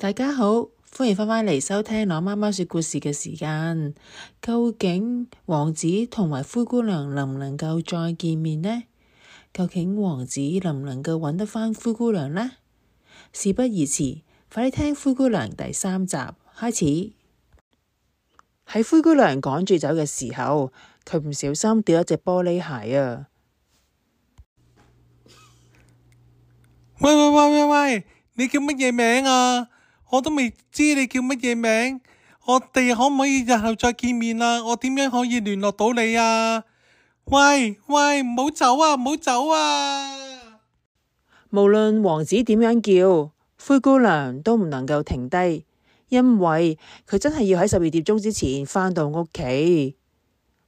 大家好，歡迎返返嚟收聽我媽媽說故事嘅時間。究竟王子同埋灰姑娘能唔能夠再見面呢？究竟王子能唔能夠揾得返灰姑娘呢？事不宜遲，快啲聽灰姑娘第三集開始。喺灰姑娘趕住走嘅時候，佢唔小心掉咗隻玻璃鞋啊！喂喂喂喂喂，你叫乜嘢名啊？我都未知你叫乜嘢名，我哋可唔可以日後再見面啊？我點樣可以聯絡到你啊？喂喂，唔好走啊，唔好走啊！無論王子點樣叫，灰姑娘都唔能夠停低，因為佢真係要喺十二點鐘之前返到屋企。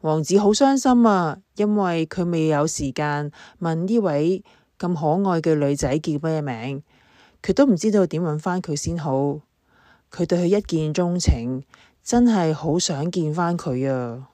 王子好傷心啊，因為佢未有時間問呢位咁可愛嘅女仔叫咩名。佢都唔知道點揾返佢先好。佢對佢一見鍾情，真係好想見返佢啊！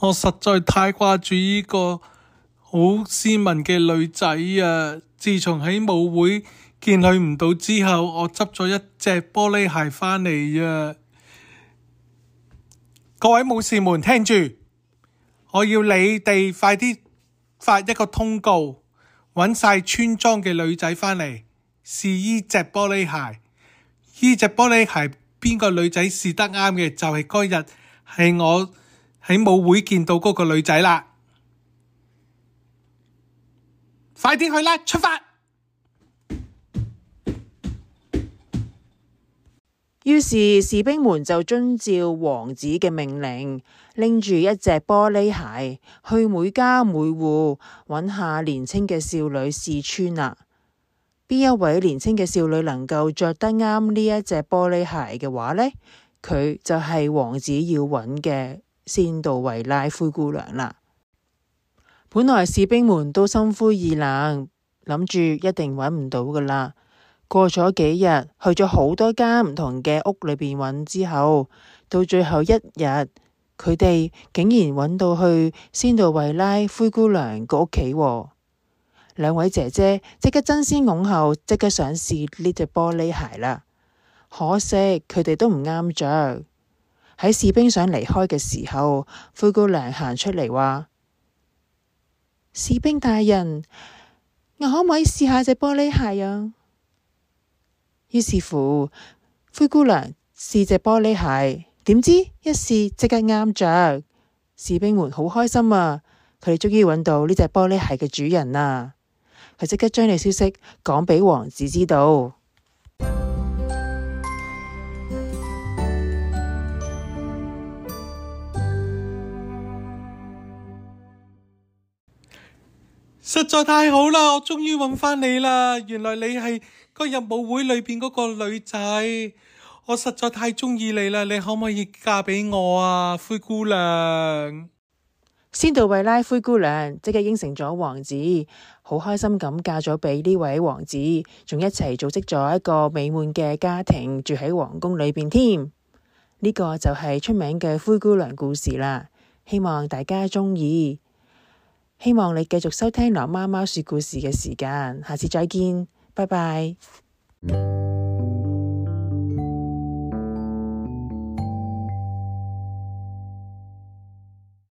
我實在太掛住呢個好斯文嘅女仔啊！自從喺舞會見佢唔到之後，我執咗一隻玻璃鞋返嚟呀！各位武士們，聽住，我要你哋快啲發一個通告，揾晒村莊嘅女仔返嚟試呢隻玻璃鞋。呢隻玻璃鞋邊個女仔試得啱嘅，就係嗰日係我喺舞會見到嗰個女仔啦。快啲去啦！出發。於是士兵們就遵照王子嘅命令，拎住一隻玻璃鞋去每家每戶揾下年輕嘅少女試穿啦。邊一位年輕嘅少女能夠着得啱呢一隻玻璃鞋嘅話呢，佢就係王子要揾嘅仙度維拉灰姑娘啦。本來士兵們都心灰意冷，諗住一定揾唔到噶啦。過咗幾日，去咗好多間唔同嘅屋裏邊揾之後，到最後一日，佢哋竟然揾到去仙度慧拉灰姑娘個屋企。兩位姐姐即刻爭先恐後，即刻想試呢隻玻璃鞋啦。可惜佢哋都唔啱着。喺士兵想離開嘅時候，灰姑娘行出嚟話。士兵大人，我可唔可以試下隻玻璃鞋啊？於是乎，灰姑娘試隻玻璃鞋，點知一試即刻啱着。士兵們好開心啊！佢哋終於揾到呢隻玻璃鞋嘅主人啦，啊，佢即刻將呢個消息講畀王子知道。實在太好啦！我終於揾返你啦，原來你係嗰個舞會裏邊嗰個女仔，我實在太鍾意你啦，你可唔可以嫁俾我啊，灰姑娘？仙度維拉灰姑娘即刻應承咗王子，好開心咁嫁咗俾呢位王子，仲一齊組織咗一個美滿嘅家庭，住喺皇宮裏邊添。呢個就係出名嘅灰姑娘故事啦，希望大家鍾意。希望你繼續收聽《Hi 媽媽說故事》嘅時間，下次再見，拜拜。嗯